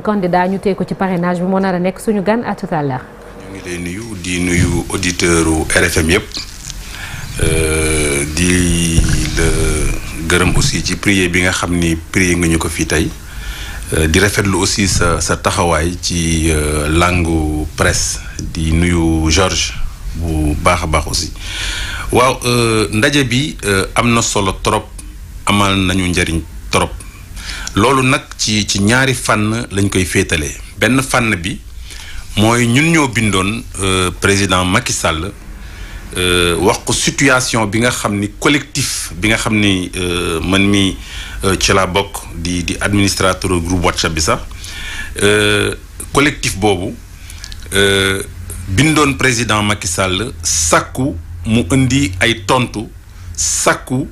candidat ñu tey ko ci parrainage bi moo nar a nekk suñu gan à tout à l'heure ngi lay nuyu di nuyu auditeur u RFM yëpp euh, di la gërëm aussi ci prier bi nga xam ni prier nga ñu ko fii tey euh, di rafetlu aussi sa sa taxawaay ci euh, langue presse di nuyu Georges bu baax a baax aussi waaw ndaje bi am na solo trop amal nañu njëriñ trop loolu nag ci ci ñaari fànn lañ koy féetalee benn fànn bi mooy ñun ñoo bindoon euh, président Macky Sall euh, wax ko situation bi nga xam ni collectif bi nga xam ni euh, man mi ci laa bokk di di administrateur groupe WhatsApp bi sax collectif boobu bindoon président Macky Sall sàkku mu indi ay tontu sàkku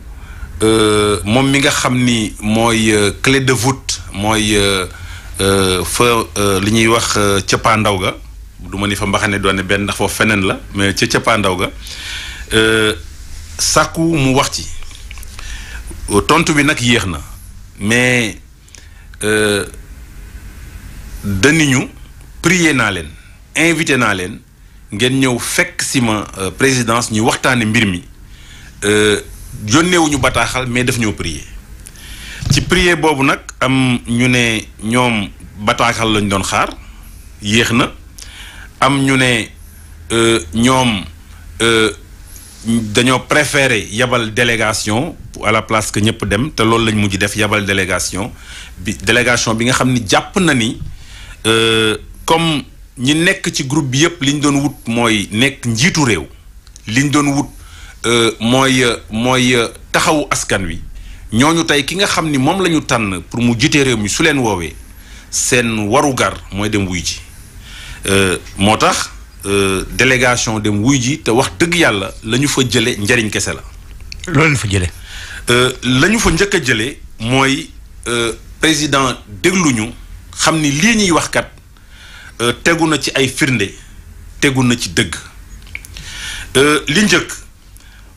Euh, moom mi nga xam ni mooy euh, cle de voûte mooy euh, fa li ñuy wax cëppaandaw ga du ma fa mbaxane doone benn ndax foo feneen la mais ca cëppaandaw ga sàkku mu wax ci tontu bi nag yéex na mais daniñu prier naa leen invité naa leen ngeen ñëw fekk si ma présidence ñu waxtaane mbir mi yónneewuñu bataaxal mais daf ñoo prier ci prier boobu nag am ñu ne ñoom bataaxal lañ doon xaar yéex na am ñu ne euh, ñoom euh, dañoo préféré yabal délégation à la place que ñëpp dem te loolu lañ mujj def yabal délégation bi délégation bi nga xam ni jàpp na ni euh, comme ñi nekk ci groupe bi yëpp liñ doon wut mooy nekk njiitu réew li doon wut. Euh, mooy mooy euh, taxawu askan wi ñooñu tey ki nga xam ni moom la ñu tànn pour mu jitee réew mi su leen woowee seen warugar mooy dem wuy ji euh, moo tax délégation dem wuy ji te wax dëgg yàlla la ñu fa jëlee njariñ kese la. loolu la fa jëlee. la ñu fa njëkk a jëlee mooy président dégluñu xam ni lii ñuy wax tegu na ci ay firnde tegu na ci dëgg li njëkk.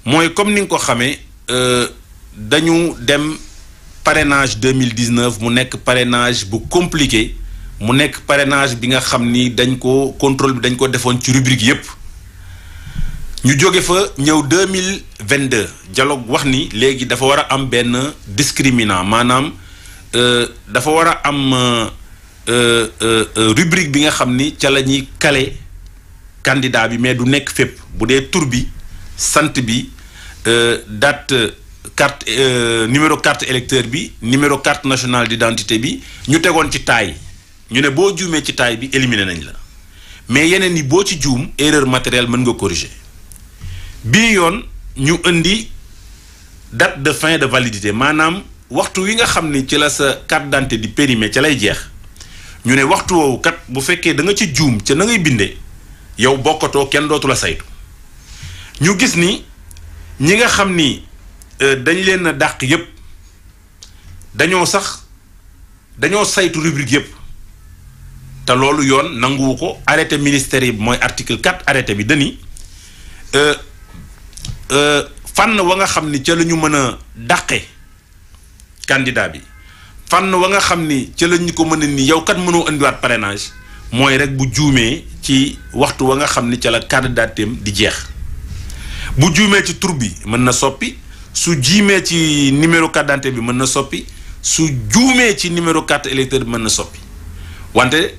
mooy comme ni nga ko xamee euh, dañu dem parenage deux mille dix neuf mu nekk parenage bu compliqué mu nekk parenage bi nga xam ni dañ ko contrôle bi dañ ko defoon ci rubrique yépp ñu jóge fa ñëw deux mille vingt deux dialogue wax ni léegi dafa war a am benn discriminant maanaam euh, dafa war a am euh, rubrique bi nga xam ni ca la ñuy kale candidat bi mais du nekk fépp bu dee tur bi sant bi Euh, date carte euh, numéro carte électeur bi numéro carte nationale d'identité bi ñu tegoon ci taay ñu ne boo juumee ci taay bi éliminé nañ la mais yeneen yi boo ci juum erreur matériel mën nga corriger bii yoon ñu indi dat de fin de validité maanaam waxtu wi nga xam ni ci la sa carte d'identité di périmé ca lay jeex ñu ne waxtu woowu kat bu fekkee da nga ci juum ca na ngay bindee yow bokkatoo kenn dootu la saytu ñu gis ni ñi nga xam ni euh, dañ leen dàq yëpp dañoo sax dañoo saytu rubrique yëpp te loolu yoon nanguwu ko arrêté ministère yi mooy article 4 arrêté bi dani euh, euh, fànn wa nga xam ni ca lañu ñu mën a dàqe candidat bi fànn wa nga xam ni ca la ko mën a ni yow kat mënoo indiwaat parrainage mooy rek bu juumee ci waxtu wa nga xam ni ca la candidatem di jeex bu juumee ci tur bi mën na soppi su jiimee ci numéro carte d'identité bi mën na soppi su juumee ci numéro carte électeur bi mën na soppi wante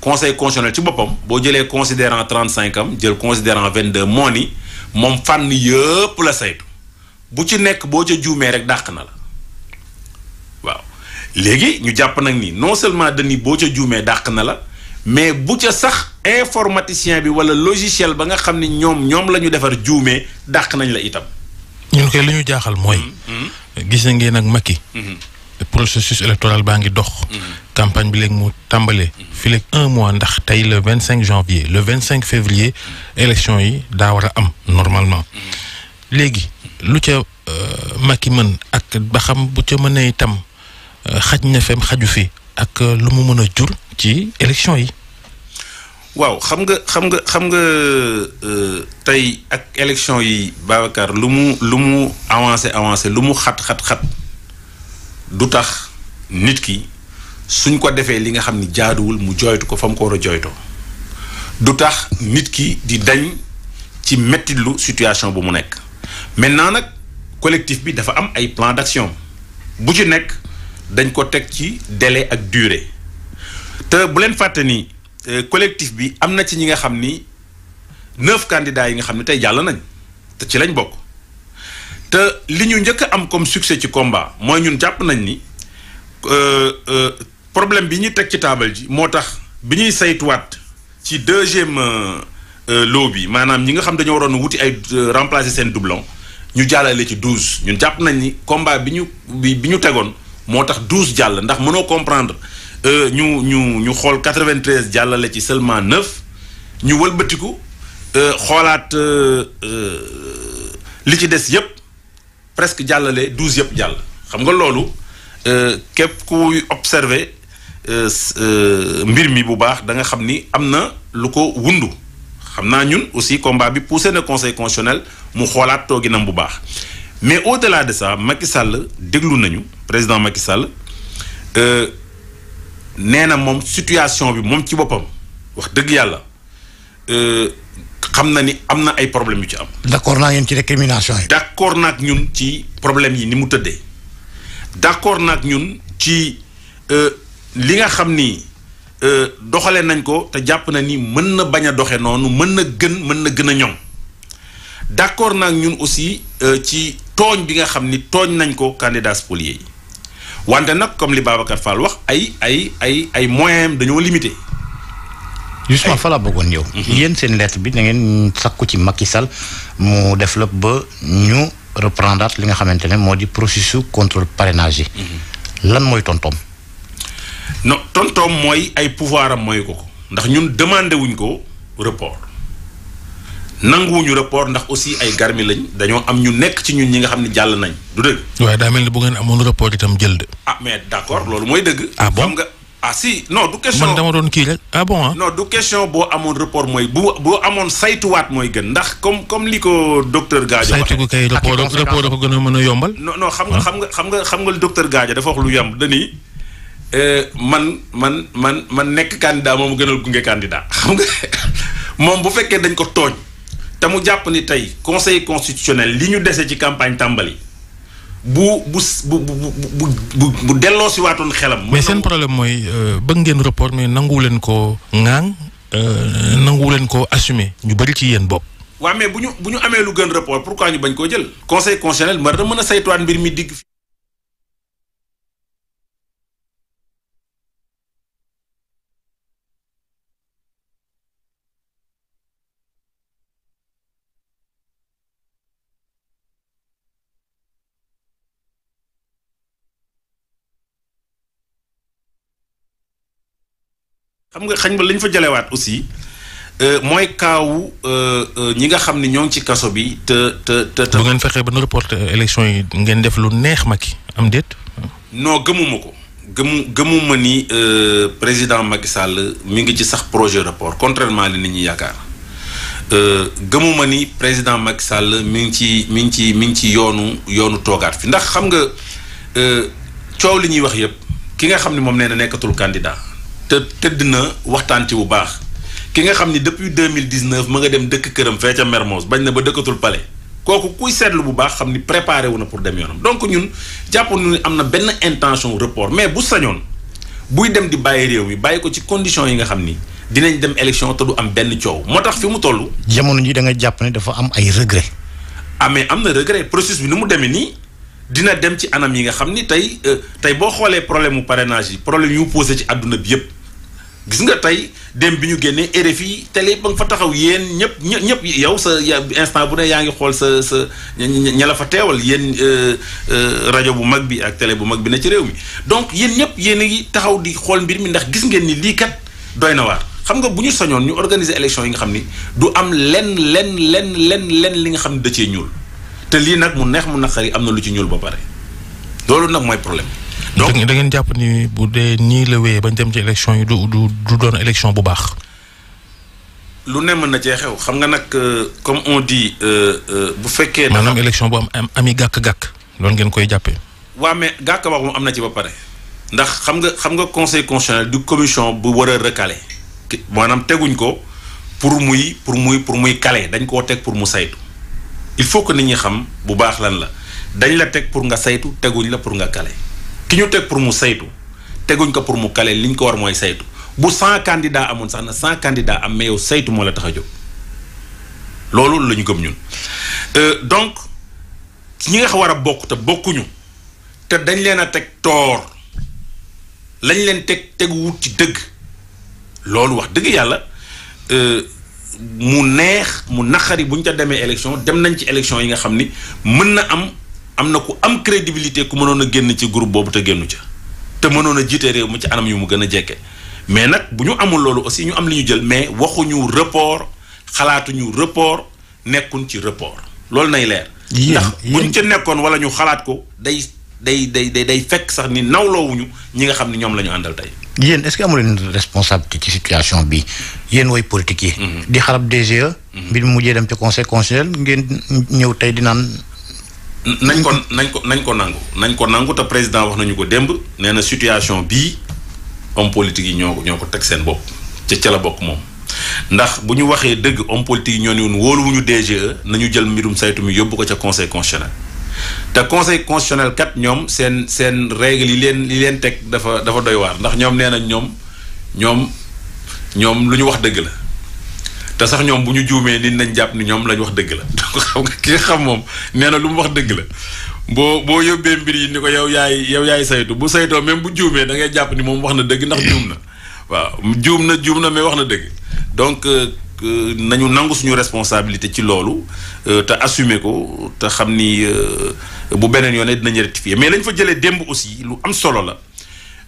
conseil constitutionnel ci boppam boo jëlee considérant trente cinq am jël considérant vingt deux moo ni moom fànn yëpp la saytu bu ci nekk boo ca juumee rek dàq na la waaw léegi ñu jàpp nag ni non seulement dañi boo ca juumee dàq na la mais bu ca sax informaticien bi wala logiciel ba nga xam ne ñoom ñoom la ñu defar juumee dàq nañ la itam. ñun kay li ñu jaaxal mooy. Mm, mm. gis na ngeen ak Macky. Mm-hmm. processus électoral baa ngi dox. Mm-hmm. campagne bi léegi mu tàmbalee. Mm-hmm. fii léegi un mois ndax tey le vingt cinq janvier le vingt cinq février élection yi daa war a am normalement. léegi lu ca euh, Macky mën ak ba xam bu ca mënee itam. xaj na fem xaju fi ak euh, lu mu mën a jur ci élection yi. waaw xam nga xam nga xam nga euh, tey ak élection yi Babacar lu mu lu mu avancé avancé lu mu xat xat xat du tax nit ki suñ ko defee li nga xam ni jaaduwul mu jooytu ko fa mu ko war a jooytoo du tax nit ki di dañ ci mettitlu situation bu mu nekk maintenant nag collectif bi dafa am ay plan d'action bu ci nekk. dañ ko teg ci délai ak durée te bu leen fàtte ni euh, collectif bi am na ci ñi nga xam ni neuf candidats yi nga xam ne tey jàll nañ te ci lañ bokk te li ñu njëkk am comme succès ci combat mooy ñun jàpp nañ ni euh, euh, problème bi ñu teg ci taabal ji moo tax bi ñuy saytuwaat ci deuxième lot bi maanaam ñi nga xam dañoo waroon wuti ay remplacer seen doublon ñu jàllale ci douze ñun jàpp nañ ni combat bi ñu bi ñu tegoon moo tax douse jàll ndax mënoo comprendre euh, ñu ñu ñu xool quatre-vingt-treize jàllale ci seulement neuf ñu walbatiku euh, xoolaat euh, li ci des yëpp presque jàllale douze yëpp jàll xam nga loolu képp kuy observer mbir mi bu baax da nga xam ni am na lu ko wundu xam naa ñun aussi combat bi poussé na conseil constitutionnel mu xoolaat nam bu baax mais au-delà de ça Macky Sall déglu nañu président Macky Sall euh, nee na moom situation bi moom ci boppam wax dëgg yàlla euh, xam na ni am na ay problème yu ci am. d'accord naa yéen ci récrimination yi. d'accord naag ñun ci problème yi ni mu tëddee d'accord naag ñun ci euh, li nga xam ni doxalee nañ ko te jàpp na ni mën na bañ a doxe noonu mën na gën mën na gën a ñoŋ. d'accord nag ñun aussi euh, ci tooñ bi nga xam ni tooñ nañ ko candidat spolié yi wante nag comme li Babacar Fall wax ay ay ay ay moyens dañoo limité. justement fa la bëggoon ñëw. Mhm. yéen seen lettre bi da ngeen sakku ci Macky Sall mu def la ba ñu reprendre li nga xamante ne moo di processus contrôle parrainage mhm. lan mooy tontoom. no tontoom mooy ay pouvoir am mooy ko ko ndax ñun demandé wuñ ko report. nanguwuñu report ndax aussi ay garmi lañ dañoo am ñu nekk ci ñun ñi nga xam ne jàll nañ du dëgg. waaye daa mel ni bu ngeen amoon rapport itam jël de. ah mais loolu mooy dëgg. ah bon xam nga ah si non du question. doon kii ah bon ah. du question boo amoon rapport mooy bu boo amoon saytuwaat mooy gën ndax comme comme li ko docteur Gadio. waxee saytu ko kay ko gën a mën a yombal. non non xam ah. xam nga xam nga xam nga docteur Gadio dafa wax lu yomb dañuy. Euh, man man man man nekk candidat moom gënal gunge candidat xam nga moom bu fekkee dañ ko tooñ te jàpp ni tey conseil constitutionnel li ñu dese ci campagne tàmbali bu bu bu bu bu bu delloo si waatoon xelam. mais seen problème mooy euh, bëgg ngeen report mais nanguwu leen ko ŋaang euh, nanguwu leen ko assumer ñu bëri ci yeen bopp. waaw mais bu ñu bu ñu amee lu gën report pourquoi ñu bañ koo jël. conseil constitutionnel ma na mën a seytuwaat mbir mi digg. xam nga xañ ba lañ fa jalewaat aussi euh, mooy kaawu euh, euh, ñi nga xam ni ñoo ci kaso bi te te te. te bu ngeen fexee ba nu reporté élection yi ngeen def lu neex Macky am déet. noo gëmuma ko gëmu gëmuma ni président Macky Sall mi ngi ci sax projet rapport contrairement li nit ñi yaakaar gëmuma ni président Macky Sall mi ngi ci mi ngi ci mi ngi ci yoonu yoonu toogaat fi ndax xam nga coow li ñuy wax yëpp ki nga xam ni moom nee na nekkatul candidat. te tëdd na waxtaan ci bu baax ki nga xam ni depuis deux mille dix neuf ma nga dem dëkk këram fee ca Mermoz bañ na ba dëkkatul Palais kooku kuy seetlu bu baax xam ni préparé wu na pour dem yoonam donc ñun jàpp nañu ne am na benn intention report mais bu sañoon buy dem di bàyyi réew mi bàyyi ko ci conditions yi nga xam ni dinañ dem élection te du am benn coow moo tax fi mu toll. jamono ji da nga jàpp ne dafa am ay regret. ah am na regret processus bi nu mu demee nii. dina dem ci anam yi nga xam ni tey euh, tey boo xoolee problème mu parrainage yi problème yu posé ci àdduna bi yëpp gis nga tey dem bi ñu génnee RFI tele ba nga fa taxaw yéen ñëpp ñëpp yow sa instant bu ne yaa ngi xool sa sa ña fa teewal yéen euh, euh, rajo bu mag bi ak tele bu mag bi na ci réew mi donc yéen ñëpp yéen a ngi taxaw di xool mbir mi ndax gis ngeen ni lii kat doy na waar xam nga bu ñu sañoon ñu organiser élection yi nga xam ni du am lenn lenn lenn lenn lenn li nga xam ni da ñuul. te lii nag mu neex mu naqari am na lu ci ñuul ba pare loolu nag mooy problème donc da ngeen jàpp ni bu dee nii la wéyee bañ dem ci élection yi du du du doon élection bu baax. lu ne mën na cee xew xam nga nag euh, comme on dit euh, euh, bu fekkee. maanaam élection bu am ami gàkk-gàkk loolu ngeen koy jàppee. waa mais gàkk wax moom am na ci ba pare. ndax xam nga xam nga conseil constitutionnel du commision bu war a maanaam teguñ ko pour muy pour muy pour muy calé dañ koo teg pour mu saytu. il faut que nit ñi xam bu baax lan la dañ la teg pour nga saytu teguñ la pour nga kale ki ñu teg pour mu saytu teguñ ko pour mu kale li ñu ko war mooy saytu bu cent candidats amoon sax na cent candidats am mais yow saytu moo la tax a jóg loolu la ñu gëm ñun euh, donc ñi nga xam war a bokk te bokkuñu te dañ leen a teg toor lañ leen teg tegu wut ci dëgg loolu wax dëgg yàlla euh, mu neex mu naqari bu ñu ca demee élection dem nañ ci élection yi nga xam ni mën na am am na ku am crédibilité ku mënoon a génn ci groupe boobu te génnu ca te mënoon a jiite réew mu ci anam yu mu gën a jekke mais nag bu ñu amul loolu aussi ñu am li ñu jël mais waxuñu report xalaatuñu report nekkuñ ci report loolu nay leer ndax buñ ca nekkoon wala ñu xalaat ko day day day day day fekk sax ni nawloowuñu ñi nga xam ne ñoom la ñu àndal tey yéen est-ce que amu leen responsabilité ci situation bi yéen way politique yi. Mhm. di xarab DGE. Mhm. mbir mu mujjee dem ci conseil constitutionnel ngeen ñëw tey di naan. nañ ko nañ ko nañ ko nangu nañ ko nangu te président wax nañu ko démb nee na situation bii homme politique yi ñoo ko ñoo ko teg seen bopp ca ca la bokk moom. ndax bu ñu waxee dëgg homme politique yi ñoo ne woon wóoluwuñu DGE nañu jël mbirum saytu mi yóbbu ko ca conseil constitutionnel. te conseil constitutionnel kat ñoom seen seen règle yi leen li leen teg dafa dafa doy waar ndax ñoom nee nañ ñoom ñoom ñoom lu ñu wax dëgg la te sax ñoom bu ñu juumee nit nañ jàpp ni ñoom lañ wax dëgg la donc xam xam moom nee na lu mu wax dëgg la boo boo yóbbee mbir yi ni ko yow yaay yow yaay saytu bu saytoo même bu juumee da ngay jàpp ni moom wax na dëgg ndax juum na waaw juum na juum na mais wax na dëgg euh, Euh, nañu nangu suñu responsabilité ci loolu euh, te assumer ko te xam ni euh, bu beneen yoon dinañ rectifier mais lañ fa jëlee démb aussi lu am solo la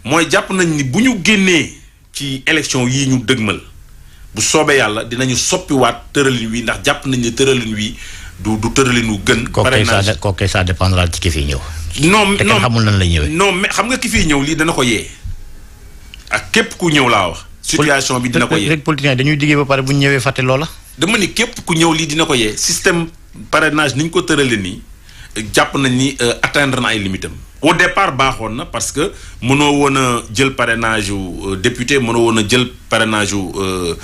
mooy jàpp nañ ni bu ñu génnee ci élection yii ñu dëgmal bu soobee yàlla dinañu soppiwaat tëralin wi ndax jàpp nañ ne tëralin wi du du tëralin wu gën. parrainage kooku kay ça dépendra ci ki fiy ñëw. non non te kenn xamul nan la ñëwee. non mais xam nga ki fiy ñëw lii dana ko yee ak képp ku ñëw laa wax. situation bi dina ko yee. rek dañuy digee ba pare bu ñu ñëwee fàtte loola. dama ni képp ku ñëw lii dina ko yee système parrainage ni ñu ko tëralee nii jàpp nañ ni euh, atteindre na ay limitam au départ baaxoon na parce que mënoo woon a jël parrainage yu euh, député mënoo woon a jël parenage yu euh,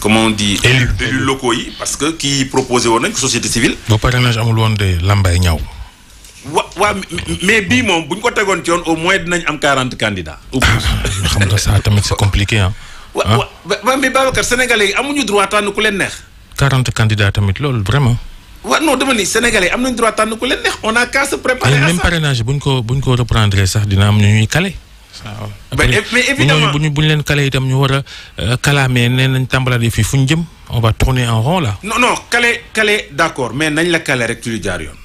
comment on di élus élus locaux yi parce que kii proposé woon nañ ko société civile. ba parrainage amul woon de lambay ñaaw. wa waa mais bii moom bu ñu ko tegoon ci yoon au moins dinañ am quarante candidats. xam nga ça tamit c'est compliqué ah. wa wa mais Babacar sénégalais yi amuñu droit tànn ku leen neex. quarante candidats tamit loolu vraiment. waaw non dama ni sénégalais am nañ droit tànn ku leen neex on a qu'à se préparer. même parrainage buñ ko buñ ko reprendre sax dina am ñu ñuy kale. waaw bu ñu bu ñu leen kale itam ñu war a kalaamee euh, nee nañ tàmbalaat fii fu ñu jëm on va tourner en rond là. non non kale d'accord mais nañ la rek jaar yoon.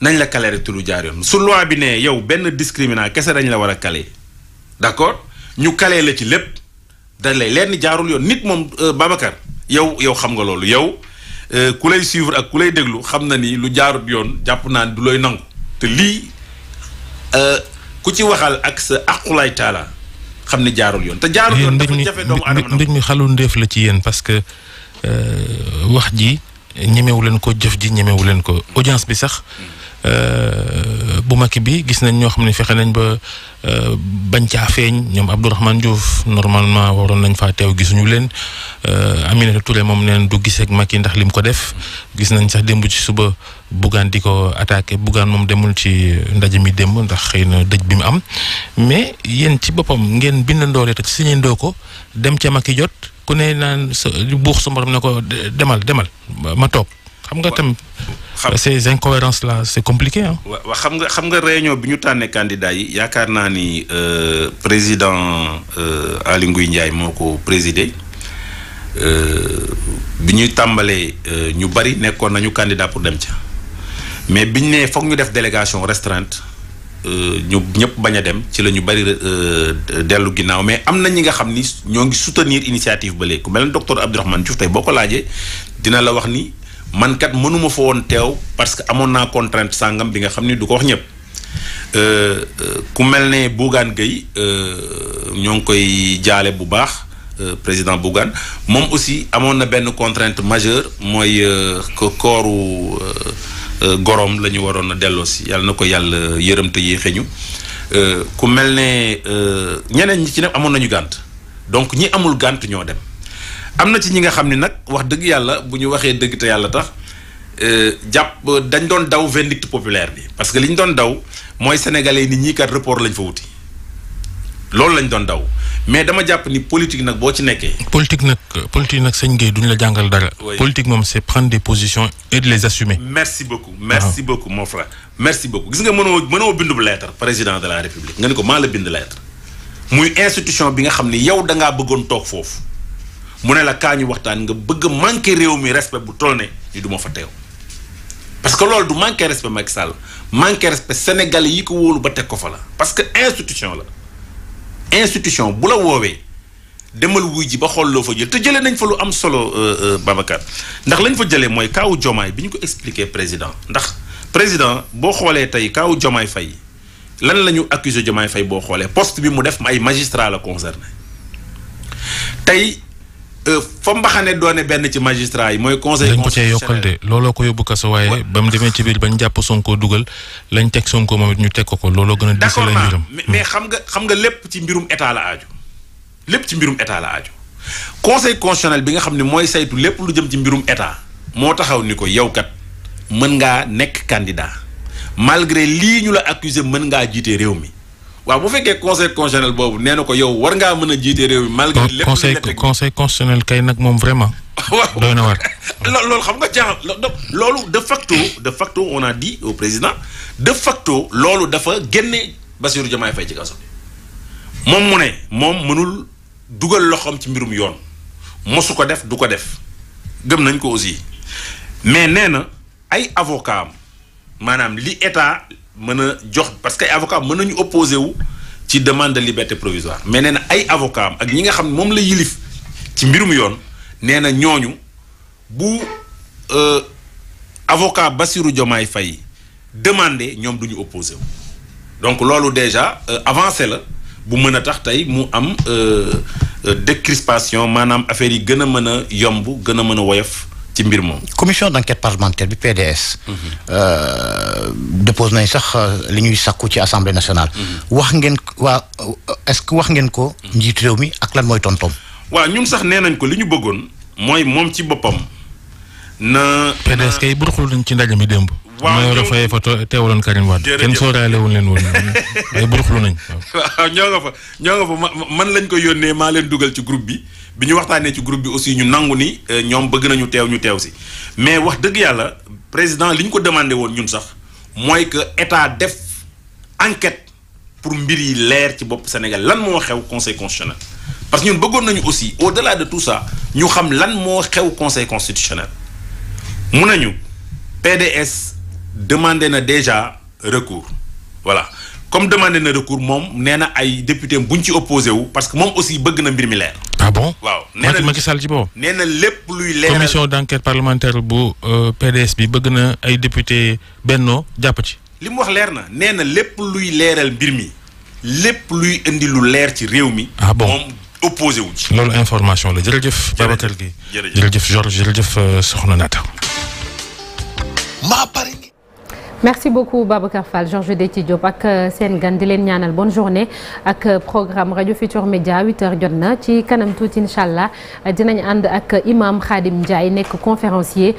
nañ la kale rek lu jaar yoon su loi bi ne yow benn discriminant kese dañ la war a kale d'accord ñu kale la ci lépp dañ lay lenn jaarul yoon nit moom euh, Babacar yow yow xam nga loolu yow euh, ku lay suivre ak ku lay déglu xam na ni lu jaarut yoon jàpp naa du looy nangu te lii euh, ku ci waxal ak sa aqulaay taala xam ne jaarul yoon te jaarul yoon dafa jafe doomu aadama mbir mi xalu ndéef la ci yéen parce que wax ji ñemewu leen ko jëf ji ñemewu leen ko audience bi sax Euh, bu makki bi gis nañ ñoo xam ne fexe nañ ba euh, bañ caa feeñ ñoom Abdourahmane Diouf normalement waroon nañ fa teew gisuñu leen euh, Aminata Touré moom neen du gisee ak makki ndax lim ko def gis nañ sax démb ci suba Bougane di ko attaque Bougane moom demul ci ndaje mi demb ndax xëy na dëj bi mu am mais yéen ci boppam ngeen bindandooree te si ñeendoo ko dem ca makki jot ku ne naan sa buux sa morom ne ko demal demal ma toog xam nga tam ces incohérences là c'est compliqué ah. waaw xam nga xam nga réunion bi ñu tànnee candidat yi yaakaar naa ni euh, président euh, Aly Ngouille Ndiaye moo ko présidé euh, bi ñuy tàmbalee ñu bari nekkoon nañu candidat pour dem ca mais bi ñu nee foog ñu def délégation restreinte ñu ñëpp bañ dem ci la ñu bari dellu ginnaaw mais am na ñi nga xam ni ñoo ngi soutenir initiative ba léegi ku mel ne docteur Abdourahmane Diouf tey boo ko laajee dina la wax ni. man kat mënuma fa woon teew parce que amoon naa contrainte sàngam bi nga xam ni du ko wax ñëpp euh, euh, ku mel ne Bougane Gueye euh, ñoo ngi koy jaale bu baax président Bougane moom aussi amoon na benn contrainte majeure mooy que kooru gorom la ñu waroon a delloosi yàlla na ko yàlla yërëm yéexee yéexe ñu ku mel ne ñeneen ñi ci ne amoon nañu gànt donc ñi amul gànt ñoo dem. am na ci ñi nga xam ni nag wax dëgg yàlla bu ñu waxee dëgg te yàlla tax euh, jàpp dañ doon daw vindicte populaire bi parce que li ñu doon daw mooy sénégalais ni ñii kat report lañ fa wuti loolu lañ doon daw mais dama jàpp ni politique nag boo ci nekkee. politique nag politique nag sëñ Gueye duñu la jàngal dara. politique moom c'est prendre des position et de les assumer. merci beaucoup merci ah. beaucoup mon frère. merci beaucoup gis nga mënoo mënoo bindu bu lettre président de la république nga ni ko maa la bind lettre muy institution bi nga xam ni yow da bëggoon toog foofu. mu ne la kaa waxtaan nga bëgg a manqué réew mi respect bu toll ne ni du ma fa teew parce que loolu du manqué respect Macky Sall manqué respect sénégalais yi ko wóolu ba teg ko fa la parce que institution la institution bu la woowee demal wuy ji ba xool loo fa jël te jëlee nañ fa lu am solo euh, euh, Babacar ndax lañ fa jëlee mooy kaawu jomaay bi ñu ko expliqué président ndax président boo xoolee tey kaawu jomaay fay lan la ñu accusé jomaay fay boo xoolee post bi mu def ma ay magistrat la concerné Euh, fa mbaxane doone benn ci magistrat yi mooy conseil. constitutionnel dañ looloo ko yóbbu kaso waaye. ba mu demee ci biir bañ jàpp Sonko dugal lañ teg Sonko moom it ñu teg ko ko looloo gën a. diis la mbiram mais xam nga xam nga lépp ci mbirum état la aaju. lépp ci mbirum état la aaju conseil constitutionnel bi nga xam ne mooy saytu lépp lu jëm ci mbirum état moo taxaw ni ko yow kat mën ngaa nekk candidat malgré lii ñu la accuser mën ngaa jiite réew mi. waaw bu fekkee conseil constitutionnel boobu nee na ko yow war ngaa mën a jiite réew mi. malgré lépp conseil conseil constitutionnel kay nag moom vraiment. waaw doy na war. loolu xam nga jaaxal loolu de facto de facto on a dit au président de loolu dafa génne Bassirou Diomaye Faye ci kaso moom mu ne moom mënul dugal loxoom ci mbirum yoon mosu ko def du ko def gëm nañ ko aussi mais nee na ay avocat am maanaam li état. mën a jox parce que ay avocat mën nañu opposé wu ci demande liberté provisoire mais nee na ay avocat am ak ñi nga xam moom la yilif ci mbirum yoon nee na ñooñu bu euh, avocat basiru Diomaye fay demandé ñoom du ñu opposé wu donc loolu déjà euh, avancé la bu mën a tax tey mu am euh, décrispation maanaam affaire yi gën a mën a yomb gën a mën a woyof ci mbir moom. commission d' enquête parlementaire bi PDS. Euh, dépose nañ sax euh, li ñuy sakku ci assemblée nationale. Mm-hmm. wax ngeen waa euh, est ce que wax ngeen ko. Mm-hmm. njiitu réew mi ak lan mooy tontoom. waa ñun sax nee nañ ko li ñu bëggoon. mooy moom ci boppam. na PDS kay burxul nañ ci ndaje mi démb. waaw ñoo nga fa teewaloon Karim Wade kenn sóoraale wuñ leen woon ay buruxlu nañ. waaw ñoo nga fa ñoo nga fa man lañ ko yónnee maa leen dugal ci groupe bi bi ñu waxtaanee ci groupe bi aussi ñu nangu ni euh, ñoom bëgg nañu teew ñu teew si mais wax dëgg yàlla président li ñu ko demande woon ñun sax mooy que état def enquête pour mbir yi leer ci bopp Sénégal lan moo xew conseil constitutionnel. parce que ñun bëggoon nañu aussi au delà de tout ça ñu xam lan moo xew conseil constitutionnel mun nañu demandé na déjà recours voilà comme demandé na recours moom nee na ay député bu ñu ci opposé wu parce que moom aussi bëgg na mbir mi leer. ah bon waaw nee na Macky Sall ci boobu. nee lépp luy leeral commission d'enquête parlementaire bu euh, PDS bi bëgg na ay député bennoo jàpp ci. li mu wax leer na nee na lépp luy leeral mbir mi lépp luy indi lu leer ci réew mi. ah bon moom wu ci. loolu information la jërëjëf. Babacar gi jërëjëf Georges jërëjëf euh, Soxna Naata. maa pare. merci beaucoup Babacar Fall Georges Déthié Diop ak euh, seen gan di leen ñaanal bonne journée ak euh, programme rajo Futur Média 8h jot na ci kanam tuuti incha allah dinañ ànd ak imaam Khadim Ndiaye nekk conférencier